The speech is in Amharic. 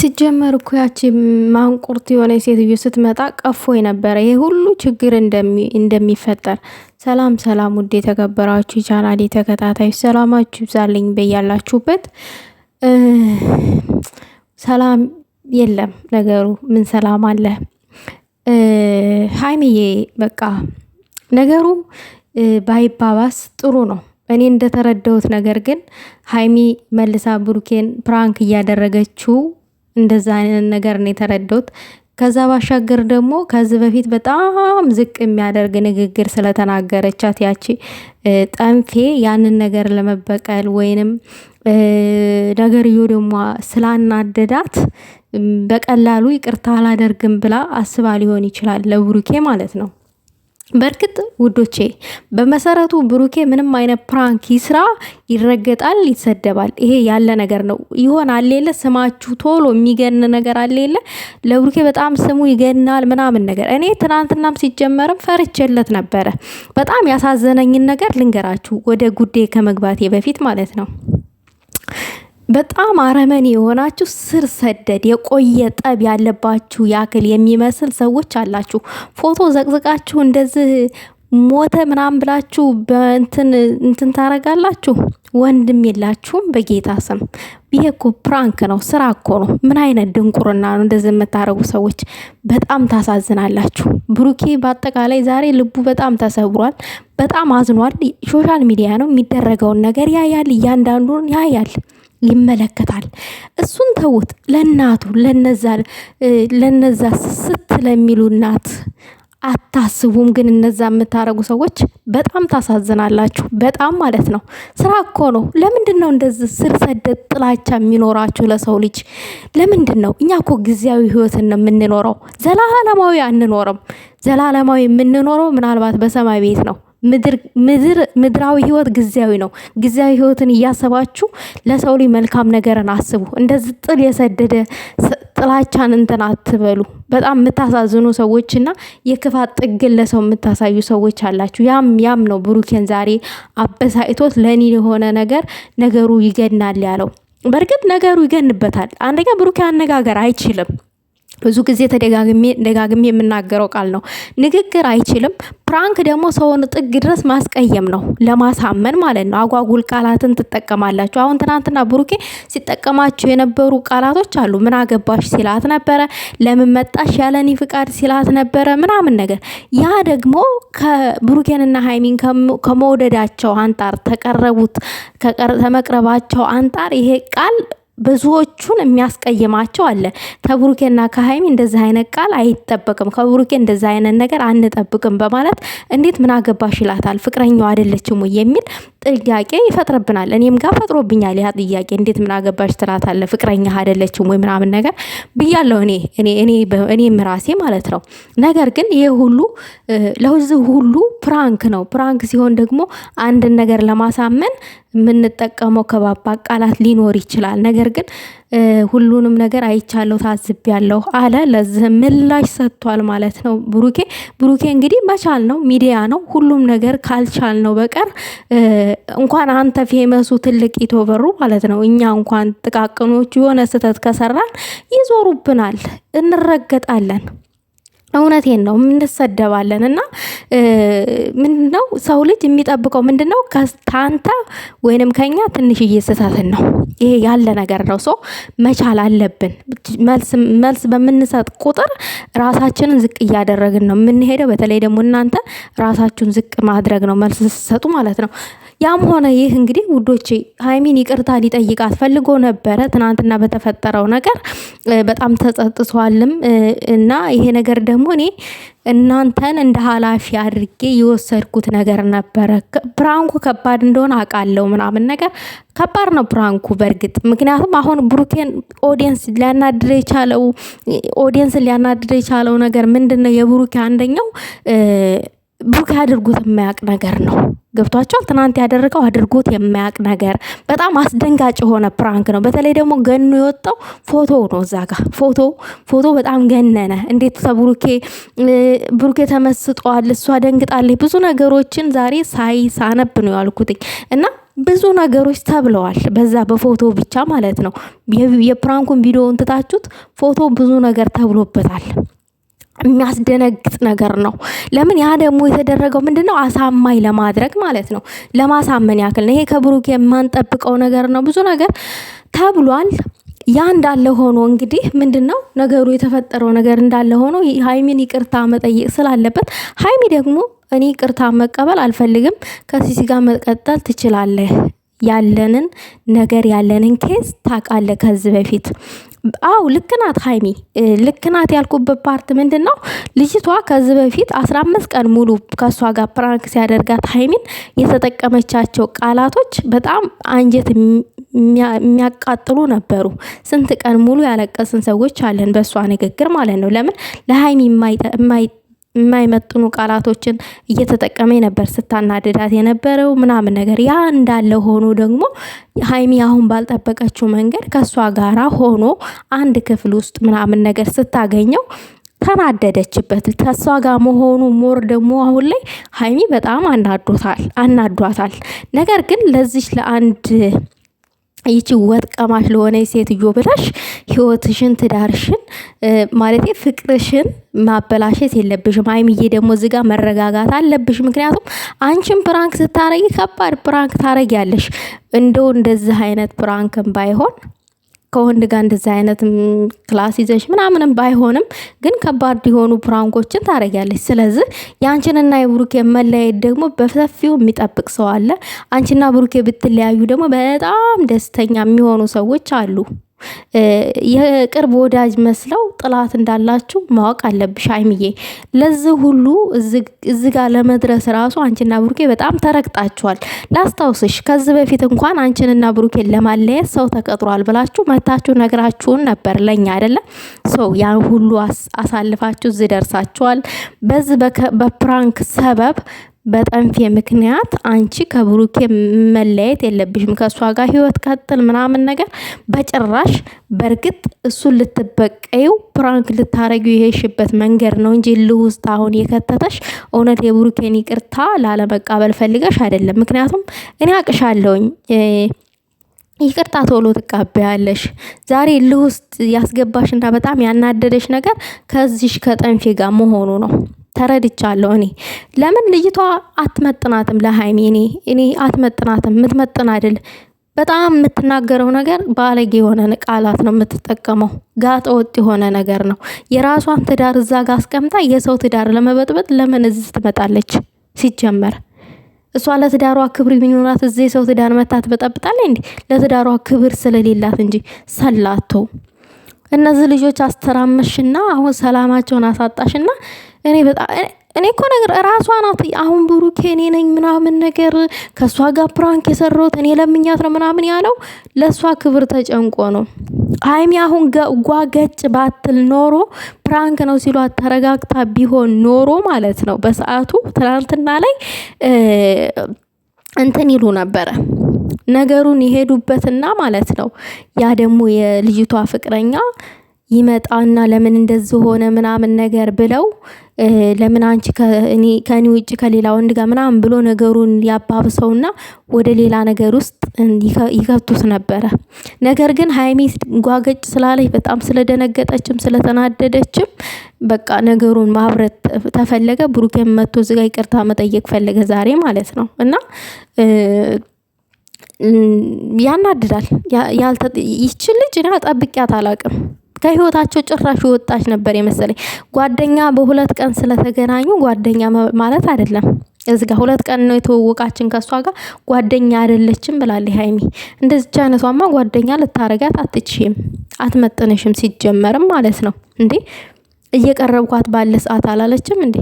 ሲጀመር እኮ ያቺ ማንቁርት የሆነ ሴትዮ ስትመጣ ቀፎ የነበረ ይህ ሁሉ ችግር እንደሚፈጠር። ሰላም ሰላም፣ ውድ የተከበራችሁ ይቻላል የተከታታዩ ሰላማችሁ ይብዛልኝ በያላችሁበት። ሰላም የለም ነገሩ። ምን ሰላም አለ? ሀይሚዬ በቃ ነገሩ ባይባባስ ጥሩ ነው። እኔ እንደተረዳሁት ነገር ግን ሀይሚ መልሳ ብሩኬን ፕራንክ እያደረገችው እንደዛ አይነት ነገር ነው የተረዳሁት። ከዛ ባሻገር ደግሞ ከዚህ በፊት በጣም ዝቅ የሚያደርግ ንግግር ስለተናገረቻት ያቺ ጠንፌ ያንን ነገር ለመበቀል ወይንም ነገርዮ ደግሞ ስላናደዳት በቀላሉ ይቅርታ አላደርግም ብላ አስባ ሊሆን ይችላል፣ ለብሩኬ ማለት ነው። በእርግጥ ውዶቼ በመሰረቱ ብሩኬ ምንም አይነት ፕራንክ ይስራ ይረገጣል፣ ይሰደባል። ይሄ ያለ ነገር ነው። ይሆን አሌለ ስማችሁ ቶሎ የሚገን ነገር አሌለ ለብሩኬ በጣም ስሙ ይገናል ምናምን ነገር። እኔ ትናንትናም ሲጀመርም ፈርቼለት ነበረ። በጣም ያሳዘነኝን ነገር ልንገራችሁ፣ ወደ ጉዴ ከመግባቴ በፊት ማለት ነው። በጣም አረመኔ የሆናችሁ ስር ሰደድ የቆየ ጠብ ያለባችሁ ያክል የሚመስል ሰዎች አላችሁ። ፎቶ ዘቅዝቃችሁ እንደዚህ ሞተ ምናምን ብላችሁ በእንትን እንትን ታረጋላችሁ። ወንድም የላችሁም። በጌታ ስም ይሄ እኮ ፕራንክ ነው፣ ስራ እኮ ነው። ምን አይነት ድንቁርና ነው እንደዚህ የምታደርጉ ሰዎች? በጣም ታሳዝናላችሁ። ብሩኬ በአጠቃላይ ዛሬ ልቡ በጣም ተሰብሯል፣ በጣም አዝኗል። ሶሻል ሚዲያ ነው የሚደረገውን ነገር ያያል፣ እያንዳንዱን ያያል። ይመለከታል። እሱን ተውት። ለእናቱ ለነዛ ስስት ለሚሉ እናት አታስቡም። ግን እነዛ የምታደረጉ ሰዎች በጣም ታሳዝናላችሁ። በጣም ማለት ነው። ስራ እኮ ነው። ለምንድን ነው እንደዚህ ስር ሰደድ ጥላቻ የሚኖራችሁ ለሰው ልጅ? ለምንድን ነው? እኛ እኮ ጊዜያዊ ህይወትን ነው የምንኖረው። ዘላለማዊ አንኖርም። ዘላለማዊ የምንኖረው ምናልባት በሰማይ ቤት ነው። ምድራዊ ህይወት ጊዜያዊ ነው። ጊዜያዊ ህይወትን እያሰባችሁ ለሰው ልጅ መልካም ነገርን አስቡ። እንደዚህ ጥል የሰደደ ጥላቻን እንትን አትበሉ። በጣም የምታሳዝኑ ሰዎችና የክፋት ጥግን ለሰው የምታሳዩ ሰዎች አላችሁ። ያም ያም ነው ብሩኬን ዛሬ አበሳጭቶት ለእኔ የሆነ ነገር ነገሩ ይገናል ያለው። በእርግጥ ነገሩ ይገንበታል። አንደኛ ብሩኬ አነጋገር አይችልም። ብዙ ጊዜ ተደጋግሜ ደጋግሜ የምናገረው ቃል ነው። ንግግር አይችልም። ፕራንክ ደግሞ ሰውን ጥግ ድረስ ማስቀየም ነው፣ ለማሳመን ማለት ነው። አጓጉል ቃላትን ትጠቀማላችሁ። አሁን ትናንትና ብሩኬ ሲጠቀማችሁ የነበሩ ቃላቶች አሉ። ምን አገባሽ ሲላት ነበረ፣ ለምን መጣሽ ያለኒ ፍቃድ ሲላት ነበረ፣ ምናምን ነገር። ያ ደግሞ ከብሩኬንና ሀይሚን ከመውደዳቸው አንጣር፣ ተቀረቡት፣ ተመቅረባቸው አንጣር ይሄ ቃል ብዙዎቹን የሚያስቀይማቸው አለ። ከብሩኬና ከሀይሚ እንደዚህ አይነት ቃል አይጠበቅም፣ ከብሩኬ እንደዚህ አይነት ነገር አንጠብቅም በማለት እንዴት ምን አገባሽ ይላታል። ፍቅረኛው አይደለችም ወይ የሚል ጥያቄ ይፈጥርብናል። እኔም ጋር ፈጥሮብኛል ያ ጥያቄ። እንዴት ምን አገባሽ ትላታለ ፍቅረኛ አይደለችም ወይ ምናምን ነገር ብያለሁ እኔ እኔም ራሴ ማለት ነው። ነገር ግን ይህ ሁሉ ለዚህ ሁሉ ፕራንክ ነው። ፕራንክ ሲሆን ደግሞ አንድን ነገር ለማሳመን የምንጠቀመው ከባባ ቃላት ሊኖር ይችላል ነገር ግን ሁሉንም ነገር አይቻለሁ፣ ታዝቤያለሁ አለ። ለዚህ ምላሽ ሰጥቷል ማለት ነው ብሩኬ። ብሩኬ እንግዲህ መቻል ነው ሚዲያ ነው ሁሉም ነገር ካልቻል ነው በቀር እንኳን አንተ ፌመሱ ትልቅ ኢቶበሩ ማለት ነው እኛ እንኳን ጥቃቅኖቹ የሆነ ስህተት ከሰራን ይዞሩብናል፣ እንረገጣለን። እውነቴን ነው እንሰደባለን እና ምንድነው ሰው ልጅ የሚጠብቀው ምንድነው ከታንተ ወይንም ከኛ ትንሽዬ እየስሳትን ነው ይሄ ያለ ነገር ነው ሰው መቻል አለብን መልስ በምንሰጥ ቁጥር ራሳችንን ዝቅ እያደረግን ነው የምንሄደው በተለይ ደግሞ እናንተ ራሳችሁን ዝቅ ማድረግ ነው መልስ ስትሰጡ ማለት ነው ያም ሆነ ይህ እንግዲህ ውዶቼ ሀይሚን ይቅርታ ሊጠይቃት ፈልጎ ነበረ። ትናንትና በተፈጠረው ነገር በጣም ተጸጥቷልም እና ይሄ ነገር ደግሞ እኔ እናንተን እንደ ኃላፊ አድርጌ የወሰድኩት ነገር ነበረ። ፕራንኩ ከባድ እንደሆነ አውቃለሁ ምናምን ነገር ከባድ ነው ፕራንኩ በእርግጥ ምክንያቱም አሁን ብሩኬን ኦዲየንስ ሊያናድር የቻለው ኦዲየንስን ሊያናድር የቻለው ነገር ምንድን ነው? የብሩኬ አንደኛው ብሩክ አድርጎት የማያውቅ ነገር ነው። ገብቷቸዋል። ትናንት ያደረገው አድርጎት የማያውቅ ነገር በጣም አስደንጋጭ የሆነ ፕራንክ ነው። በተለይ ደግሞ ገኑ የወጣው ፎቶ ነው። እዛ ጋ ፎቶ ፎቶ በጣም ገነነ። እንዴት ተብሩኬ ብሩኬ ተመስጠዋል። እሷ ደንግጣለች። ብዙ ነገሮችን ዛሬ ሳይ ሳነብ ነው ያልኩትኝ እና ብዙ ነገሮች ተብለዋል። በዛ በፎቶ ብቻ ማለት ነው። የፕራንኩን ቪዲዮ እንትታችሁት ፎቶ ብዙ ነገር ተብሎበታል። የሚያስደነግጥ ነገር ነው። ለምን ያ ደግሞ የተደረገው ምንድን ነው? አሳማኝ ለማድረግ ማለት ነው፣ ለማሳመን ያክል ነው። ይሄ ከብሩክ የማንጠብቀው ነገር ነው። ብዙ ነገር ተብሏል። ያ እንዳለ ሆኖ እንግዲህ ምንድን ነው ነገሩ የተፈጠረው ነገር እንዳለ ሆኖ ሀይሚን ይቅርታ መጠየቅ ስላለበት ሀይሚ ደግሞ እኔ ይቅርታ መቀበል አልፈልግም፣ ከሲሲ ጋር መቀጠል ትችላለህ፣ ያለንን ነገር ያለንን ኬዝ ታውቃለህ ከዚህ በፊት አው ልክናት ሀይሚ ልክናት ያልኩበት ፓርት ምንድን ነው? ልጅቷ ከዚህ በፊት አስራ አምስት ቀን ሙሉ ከእሷ ጋር ፕራንክ ሲያደርጋት ሀይሚን የተጠቀመቻቸው ቃላቶች በጣም አንጀት የሚያቃጥሉ ነበሩ። ስንት ቀን ሙሉ ያለቀስን ሰዎች አለን በእሷ ንግግር ማለት ነው። ለምን ለሀይሚ የማይ የማይመጥኑ ቃላቶችን እየተጠቀመ ነበር ስታናድዳት የነበረው ምናምን ነገር። ያ እንዳለ ሆኖ ደግሞ ሀይሚ አሁን ባልጠበቀችው መንገድ ከእሷ ጋራ ሆኖ አንድ ክፍል ውስጥ ምናምን ነገር ስታገኘው ተናደደችበት። ከእሷ ጋር መሆኑ ሞር ደግሞ አሁን ላይ ሀይሚ በጣም አናዷታል አናዷታል። ነገር ግን ለዚች ለአንድ ይቺ ወጥ ቀማሽ ለሆነ ሴትዮ ብላሽ ህይወትሽን ትዳርሽን ማለት ፍቅርሽን ማበላሸት የለብሽም። ሀይሚዬ ደግሞ እዚጋ መረጋጋት አለብሽ። ምክንያቱም አንቺን ፕራንክ ስታረጊ ከባድ ፕራንክ ታረጊያለሽ። እንደው እንደዚህ አይነት ፕራንክን ባይሆን ከወንድ ጋር እንደዚህ አይነት ክላስ ይዘሽ ምናምንም ባይሆንም ግን ከባድ የሆኑ ፕራንኮችን ታደርጊያለሽ። ስለዚህ የአንቺንና የብሩኬ መለያየት ደግሞ በሰፊው የሚጠብቅ ሰው አለ። አንቺና ብሩኬ ብትለያዩ ደግሞ በጣም ደስተኛ የሚሆኑ ሰዎች አሉ። የቅርብ ወዳጅ መስለው ጥላት እንዳላችሁ ማወቅ አለብሽ ሀይሚዬ። ለዚህ ሁሉ እዚ ጋር ለመድረስ ራሱ አንቺና ብሩኬ በጣም ተረግጣችኋል። ላስታውስሽ ከዚህ በፊት እንኳን አንቺንና ብሩኬን ለማለየት ሰው ተቀጥሯል ብላችሁ መታችሁ ነግራችሁን ነበር ለኛ አይደለም ሰው ያን ሁሉ አሳልፋችሁ እዚህ ደርሳችኋል። በዚህ በፕራንክ ሰበብ በጠንፌ ምክንያት አንቺ ከብሩኬ መለየት የለብሽም፣ ከእሷ ጋር ህይወት ቀጥል ምናምን ነገር በጭራሽ። በእርግጥ እሱን ልትበቀዩ ፕራንክ ልታረጊው የሄሽበት መንገድ ነው እንጂ እልህ ውስጥ አሁን የከተተሽ እውነት የብሩኬን ይቅርታ ላለመቃበል ፈልገሽ አይደለም። ምክንያቱም እኔ አቅሻለውኝ ይቅርታ ቶሎ ትቃበያለሽ። ዛሬ ልህ ውስጥ ያስገባሽና በጣም ያናደደሽ ነገር ከዚሽ ከጠንፌ ጋር መሆኑ ነው። ተረድቻለሁ። እኔ ለምን ልይቷ አትመጥናትም? ለሀይሚ እኔ እኔ አትመጥናትም፣ የምትመጥን አይደል። በጣም የምትናገረው ነገር ባለጌ የሆነ ቃላት ነው የምትጠቀመው። ጋጠ ወጥ የሆነ ነገር ነው። የራሷን ትዳር እዛ ጋ አስቀምጣ የሰው ትዳር ለመበጥበጥ ለምን እዚህ ትመጣለች? ሲጀመር እሷ ለትዳሯ ክብር የሚኖራት እዚህ የሰው ትዳር መታ ትበጠብጣለች እንዴ? ለትዳሯ ክብር ስለሌላት እንጂ ሰላቶ እነዚህ ልጆች አስተራመሽና አሁን ሰላማቸውን አሳጣሽና እኔ በጣም እኔ እኮ ነገር ራሷ ናት። አሁን ብሩኬ እኔ ነኝ ምናምን ነገር ከእሷ ጋር ፕራንክ የሰራሁት እኔ ለምኛት ነው ምናምን ያለው ለእሷ ክብር ተጨንቆ ነው። ሀይሚ አሁን ጓ ገጭ ባትል ኖሮ ፕራንክ ነው ሲሏት ተረጋግታ ቢሆን ኖሮ ማለት ነው በሰዓቱ ትናንትና ላይ እንትን ይሉ ነበረ ነገሩን የሄዱበትና ማለት ነው ያ ደግሞ የልጅቷ ፍቅረኛ ይመጣና ለምን እንደዚህ ሆነ ምናምን ነገር ብለው ለምን አንቺ ከኔ ውጭ ከሌላ ወንድ ጋር ምናምን ብሎ ነገሩን ያባብሰውና ወደ ሌላ ነገር ውስጥ ይከቱት ነበረ። ነገር ግን ሀይሚ ጓገጭ ስላለች በጣም ስለደነገጠችም ስለተናደደችም በቃ ነገሩን ማብረት ተፈለገ። ብሩኬን መቶ ዝጋ ይቅርታ መጠየቅ ፈለገ ዛሬ ማለት ነው እና ያናድዳል። ያልተ ይችን ልጅ እኔ አጠብቂያት አላቅም። ከህይወታቸው ጭራሽ ወጣች ነበር የመሰለኝ። ጓደኛ በሁለት ቀን ስለተገናኙ ጓደኛ ማለት አይደለም። እዚ ጋር ሁለት ቀን ነው የተወወቃችን ከእሷ ጋር ጓደኛ አይደለችም ብላለች ሀይሚ። እንደዚች አይነቷማ ጓደኛ ልታረጋት አትችም፣ አትመጥንሽም ሲጀመርም ማለት ነው እንዴ። እየቀረብኳት ባለ ሰዓት አላለችም እንዴ?